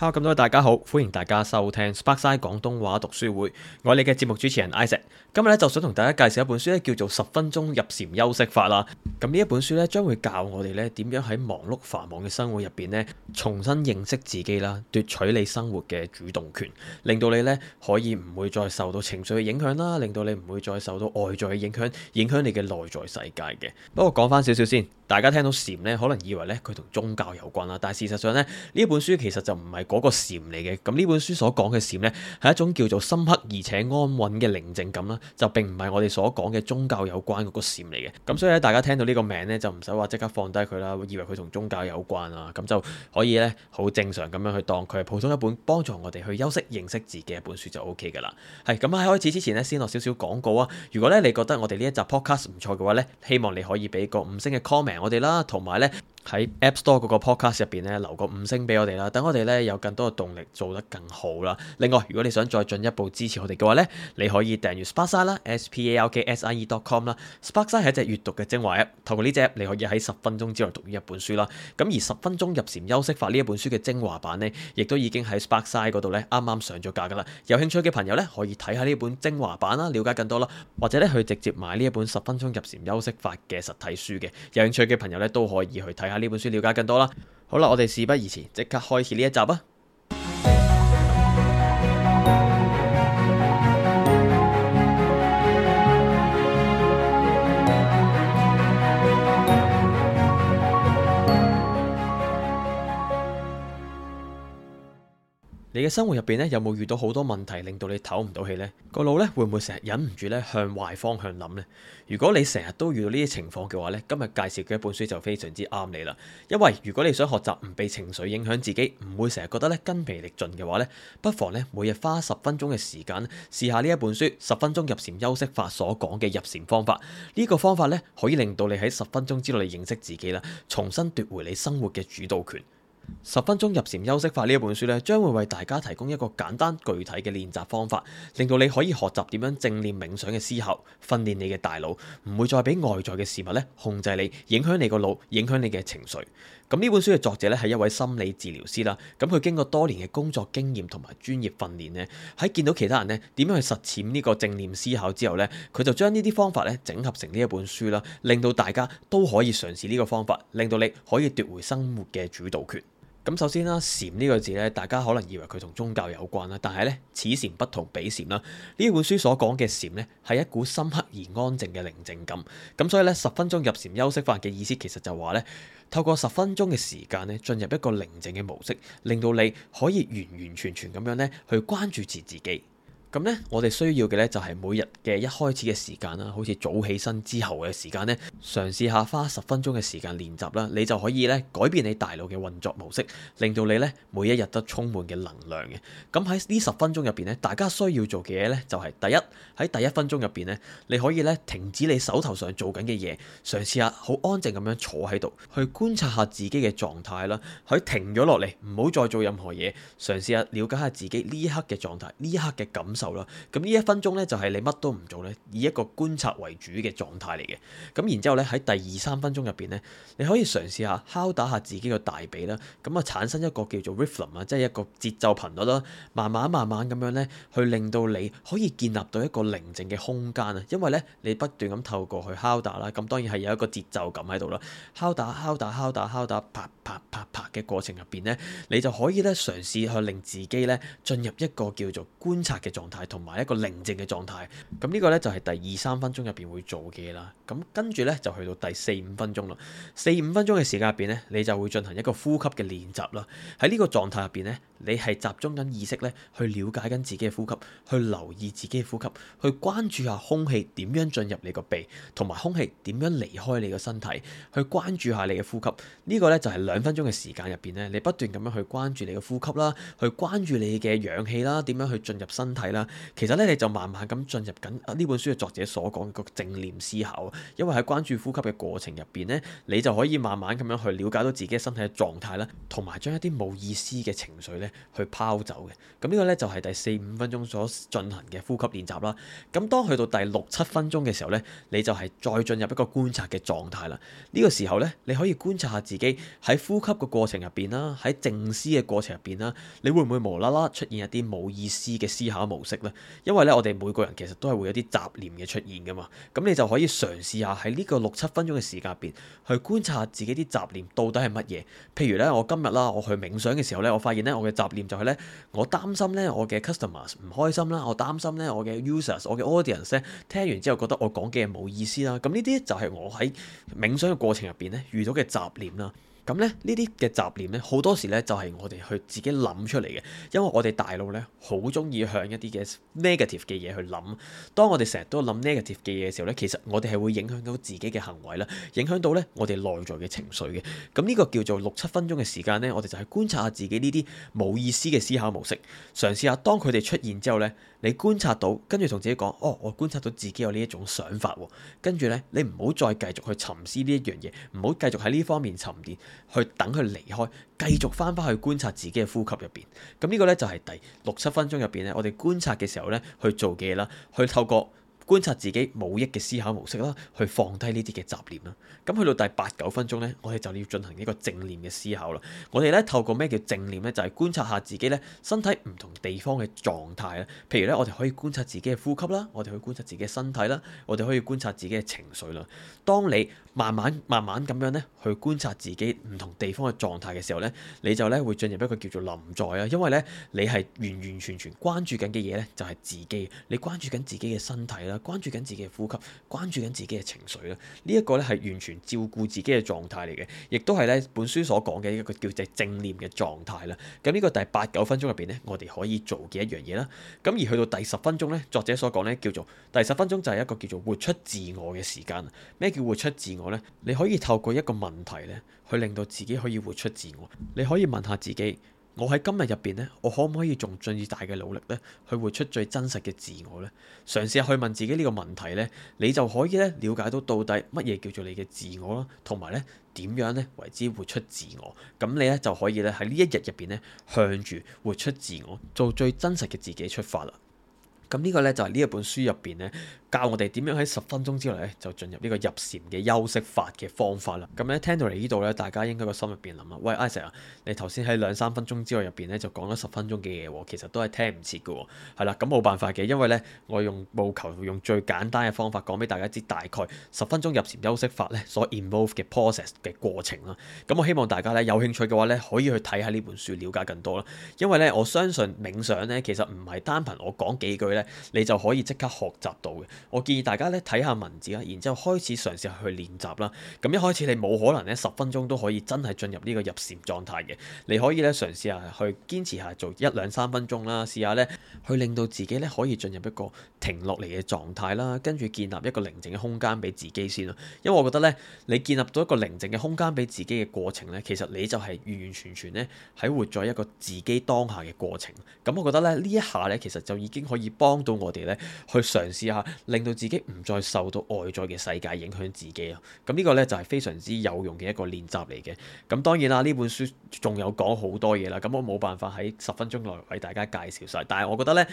Hello 咁多位大家好，歡迎大家收聽 Sparkside 廣東話讀書會。我哋嘅節目主持人 Isaac 今日咧就想同大家介紹一本書咧，叫做《十分鐘入禪休息法》啦。咁呢一本書咧將會教我哋咧點樣喺忙碌繁忙嘅生活入邊咧重新認識自己啦，奪取你生活嘅主動權，令到你咧可以唔會再受到情緒嘅影響啦，令到你唔會再受到外在嘅影響，影響你嘅內在世界嘅。不過講翻少少先。大家聽到禪咧，可能以為咧佢同宗教有關啦，但係事實上咧，呢本書其實就唔係嗰個禪嚟嘅。咁呢本書所講嘅禪咧，係一種叫做深刻而且安穩嘅寧靜感啦，就並唔係我哋所講嘅宗教有關嗰個禪嚟嘅。咁所以咧，大家聽到呢個名咧，就唔使話即刻放低佢啦，以為佢同宗教有關啊，咁就可以咧好正常咁樣去當佢係普通一本幫助我哋去休息認識自己一本書就 OK 嘅啦。係咁喺開始之前咧，先落少少廣告啊。如果咧你覺得我哋呢一集 podcast 唔錯嘅話咧，希望你可以俾個五星嘅 comment。我哋啦，同埋咧。喺 App Store 嗰個 Podcast 入邊咧留個五星俾我哋啦，等我哋咧有更多嘅動力做得更好啦。另外，如果你想再進一步支持我哋嘅話咧，你可以訂閱 Sparksine 啦，s p a r k s i n e dot com 啦。Sparksine 係一隻閱讀嘅精華 App，透過呢隻你可以喺十分鐘之內讀完一本書啦。咁而十分鐘入禪休息法呢一本書嘅精華版咧，亦都已經喺 Sparksine 度咧啱啱上咗架噶啦。有興趣嘅朋友咧可以睇下呢本精華版啦，了解更多啦，或者咧去直接買呢一本十分鐘入禪休息法嘅實體書嘅。有興趣嘅朋友咧都可以去睇下。呢本書了解更多啦。好啦，我哋事不宜遲，即刻開始呢一集啊。你嘅生活入邊咧，有冇遇到好多問題令到你唞唔到氣呢？個腦咧會唔會成日忍唔住咧向壞方向諗呢？如果你成日都遇到呢啲情況嘅話咧，今日介紹嘅一本書就非常之啱你啦。因為如果你想學習唔被情緒影響自己，唔會成日覺得咧筋疲力盡嘅話咧，不妨咧每日花十分鐘嘅時間試下呢一本書《十分鐘入禪休息法》所講嘅入禪方法。呢個方法咧可以令到你喺十分鐘之內認識自己啦，重新奪回你生活嘅主導權。十分鐘入禪休息法呢一本書咧，將會為大家提供一個簡單具體嘅練習方法，令到你可以學習點樣正念冥想嘅思考，訓練你嘅大腦，唔會再俾外在嘅事物咧控制你，影響你個腦，影響你嘅情緒。咁呢本書嘅作者咧係一位心理治療師啦，咁佢經過多年嘅工作經驗同埋專業訓練呢，喺見到其他人呢點樣去實踐呢個正念思考之後呢，佢就將呢啲方法咧整合成呢一本書啦，令到大家都可以嘗試呢個方法，令到你可以奪回生活嘅主導權。咁首先啦，禪呢個字咧，大家可能以為佢同宗教有關啦，但係咧，此禪不同彼禪啦。呢本書所講嘅禪咧，係一股深刻而安靜嘅寧靜感。咁所以咧，十分鐘入禪休息法嘅意思，其實就話咧，透過十分鐘嘅時間咧，進入一個寧靜嘅模式，令到你可以完完全全咁樣咧，去關注住自己。咁呢，我哋需要嘅呢，就係每日嘅一開始嘅時間啦，好似早起身之後嘅時間呢，嘗試下花十分鐘嘅時間練習啦，你就可以呢改變你大腦嘅運作模式，令到你呢每一日都充滿嘅能量嘅。咁喺呢十分鐘入邊呢，大家需要做嘅嘢呢，就係第一，喺第一分鐘入邊呢，你可以呢停止你手頭上做緊嘅嘢，嘗試下好安靜咁樣坐喺度，去觀察下自己嘅狀態啦，去停咗落嚟，唔好再做任何嘢，嘗試下了解下自己呢一刻嘅狀態，呢一刻嘅感受。啦，咁呢一分鐘咧就係你乜都唔做咧，以一個觀察為主嘅狀態嚟嘅。咁然之後咧喺第二三分鐘入邊咧，你可以嘗試下敲打下自己個大髀啦，咁啊產生一個叫做 rhythm 啊，即係一個節奏頻率啦，慢慢慢慢咁樣咧，去令到你可以建立到一個寧靜嘅空間啊。因為咧你不斷咁透過去敲打啦，咁當然係有一個節奏感喺度啦。敲打敲打敲打敲打，敲打，啪啪啪啪嘅過程入邊咧，你就可以咧嘗試去令自己咧進入一個叫做觀察嘅狀。同埋一個寧靜嘅狀態，咁呢個呢，就係第二三分鐘入邊會做嘅嘢啦。咁跟住呢，就去到第四五分鐘啦。四五分鐘嘅時間入邊呢，你就會進行一個呼吸嘅練習啦。喺呢個狀態入邊呢，你係集中緊意識呢，去了解緊自己嘅呼吸，去留意自己嘅呼吸，去關注下空氣點樣進入你個鼻，同埋空氣點樣離開你個身體，去關注下你嘅呼吸。呢個呢，就係兩分鐘嘅時間入邊呢，你不斷咁樣去關注你嘅呼吸啦，去關注你嘅氧氣啦，點樣去進入身體啦。其實咧，你就慢慢咁進入緊呢本書嘅作者所講嘅個正念思考，因為喺關注呼吸嘅過程入邊咧，你就可以慢慢咁樣去了解到自己身體嘅狀態啦，同埋將一啲冇意思嘅情緒咧去拋走嘅。咁、這個、呢個咧就係、是、第四五分鐘所進行嘅呼吸練習啦。咁當去到第六七分鐘嘅時候咧，你就係再進入一個觀察嘅狀態啦。呢、這個時候咧，你可以觀察下自己喺呼吸嘅過程入邊啦，喺靜思嘅過程入邊啦，你會唔會無啦啦出現一啲冇意思嘅思考模式？因為咧，我哋每個人其實都係會有啲雜念嘅出現㗎嘛，咁你就可以嘗試下喺呢個六七分鐘嘅時間入邊，去觀察自己啲雜念到底係乜嘢。譬如咧，我今日啦，我去冥想嘅時候咧，我發現咧，我嘅雜念就係咧，我擔心咧，我嘅 customers 唔開心啦，我擔心咧，我嘅 users，我嘅 audience 咧聽完之後覺得我講嘅冇意思啦。咁呢啲就係我喺冥想嘅過程入邊咧遇到嘅雜念啦。咁咧，呢啲嘅雜念咧，好多時咧就係、是、我哋去自己諗出嚟嘅，因為我哋大腦咧好鍾意向一啲嘅 negative 嘅嘢去諗。當我哋成日都諗 negative 嘅嘢嘅時候咧，其實我哋係會影響到自己嘅行為啦，影響到咧我哋內在嘅情緒嘅。咁呢個叫做六七分鐘嘅時間咧，我哋就係觀察下自己呢啲冇意思嘅思考模式，嘗試下當佢哋出現之後咧，你觀察到，跟住同自己講：哦，我觀察到自己有呢一種想法喎。跟住咧，你唔好再繼續去沉思呢一樣嘢，唔好繼續喺呢方面沉澱。去等佢離開，繼續翻返去觀察自己嘅呼吸入邊。咁呢個咧就係第六七分鐘入邊咧，我哋觀察嘅時候咧，去做嘅嘢啦，去透過。觀察自己冇益嘅思考模式啦，去放低呢啲嘅雜念啦。咁去到第八九分鐘呢，我哋就要進行一個正念嘅思考啦。我哋呢透過咩叫正念呢？就係觀察下自己呢身體唔同地方嘅狀態啦。譬如呢，我哋可以觀察自己嘅呼吸啦，我哋可以觀察自己嘅身體啦，我哋可以觀察自己嘅情緒啦。當你慢慢慢慢咁樣呢去觀察自己唔同地方嘅狀態嘅時候呢，你就呢會進入一個叫做臨在啊。因為呢，你係完完全全關注緊嘅嘢呢，就係自己，你關注緊自己嘅身體啦。關注緊自己嘅呼吸，關注緊自己嘅情緒啦，呢一個呢係完全照顧自己嘅狀態嚟嘅，亦都係呢本書所講嘅一個叫做正念嘅狀態啦。咁呢個第八九分鐘入邊呢，我哋可以做嘅一樣嘢啦。咁而去到第十分鐘呢，作者所講呢叫做第十分鐘就係一個叫做活出自我嘅時間。咩叫活出自我呢？你可以透過一個問題呢，去令到自己可以活出自我。你可以問下自己。我喺今日入邊咧，我可唔可以仲盡最大嘅努力咧，去活出最真實嘅自我呢？嘗試去問自己呢個問題咧，你就可以咧了解到到底乜嘢叫做你嘅自我咯，同埋咧點樣咧為之活出自我？咁你咧就可以咧喺呢一日入邊咧向住活出自我，做最真實嘅自己出發啦。咁呢個咧就係呢一本書入邊咧。教我哋點樣喺十分鐘之內咧就進入呢個入禪嘅休息法嘅方法啦。咁、嗯、咧聽到嚟呢度咧，大家應該個心入邊諗啊，喂 i s h 你頭先喺兩三分鐘之內入邊咧就講咗十分鐘嘅嘢喎，其實都係聽唔切嘅喎，係、嗯、啦，咁、嗯、冇辦法嘅，因為咧我用務求用最簡單嘅方法講俾大家知大概十分鐘入禪休息法咧所 involve 嘅 process 嘅過程啦。咁、嗯、我希望大家咧有興趣嘅話咧可以去睇下呢本書，了解更多啦。因為咧我相信冥想咧其實唔係單憑我講幾句咧，你就可以即刻學習到嘅。我建議大家咧睇下文字啦，然之後開始嘗試下去練習啦。咁一開始你冇可能咧十分鐘都可以真係進入呢個入禪狀態嘅。你可以咧嘗試下去堅持下做一兩三分鐘啦，試下咧去令到自己咧可以進入一個停落嚟嘅狀態啦，跟住建立一個寧靜嘅空間俾自己先咯。因為我覺得咧，你建立到一個寧靜嘅空間俾自己嘅過程咧，其實你就係完完全全咧喺活在一個自己當下嘅過程。咁我覺得咧呢一下咧，其實就已經可以幫到我哋咧去嘗試下。令到自己唔再受到外在嘅世界影響自己咯，咁呢個咧就係非常之有用嘅一個練習嚟嘅。咁當然啦，呢本書仲有講好多嘢啦，咁我冇辦法喺十分鐘內為大家介紹晒。但係我覺得咧，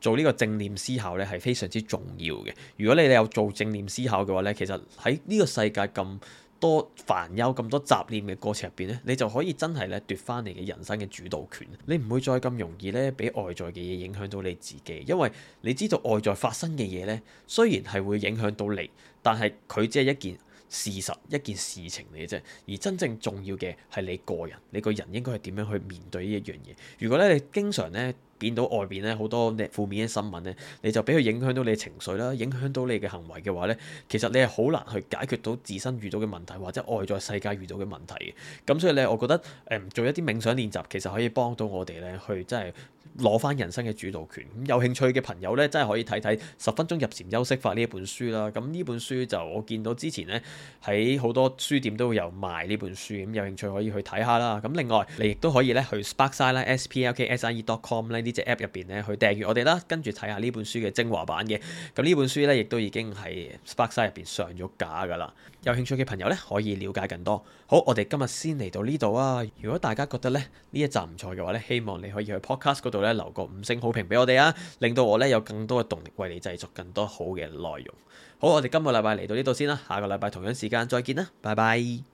做呢個正念思考咧係非常之重要嘅。如果你哋有做正念思考嘅話咧，其實喺呢個世界咁多煩憂咁多雜念嘅過程入邊咧，你就可以真係咧奪翻你嘅人生嘅主導權，你唔會再咁容易咧俾外在嘅嘢影響到你自己，因為你知道外在發生嘅嘢咧，雖然係會影響到你，但係佢只係一件事實，一件事情嚟嘅啫，而真正重要嘅係你個人，你個人應該係點樣去面對呢一樣嘢。如果咧你經常咧，見到外邊咧好多嘅負面嘅新聞咧，你就俾佢影響到你嘅情緒啦，影響到你嘅行為嘅話咧，其實你係好難去解決到自身遇到嘅問題，或者外在世界遇到嘅問題。咁所以咧，我覺得誒、呃、做一啲冥想練習，其實可以幫到我哋咧去真係攞翻人生嘅主導權。咁有興趣嘅朋友咧，真係可以睇睇《十分鐘入禪休息法》呢一本書啦。咁呢本書就我見到之前咧喺好多書店都會有賣呢本書，咁有興趣可以去睇下啦。咁另外你亦都可以咧去 sparkside.splksire.com 呢隻 app 入邊咧，面去訂閱我哋啦，跟住睇下呢本書嘅精華版嘅。咁呢本書咧，亦都已經係 Sparkside 入邊上咗架噶啦。有興趣嘅朋友咧，可以了解更多。好，我哋今日先嚟到呢度啊。如果大家覺得咧呢一集唔錯嘅話咧，希望你可以去 Podcast 嗰度咧留個五星好評俾我哋啊，令到我咧有更多嘅動力為你製作更多好嘅內容。好，我哋今個禮拜嚟到呢度先啦，下個禮拜同樣時間再見啦，拜拜。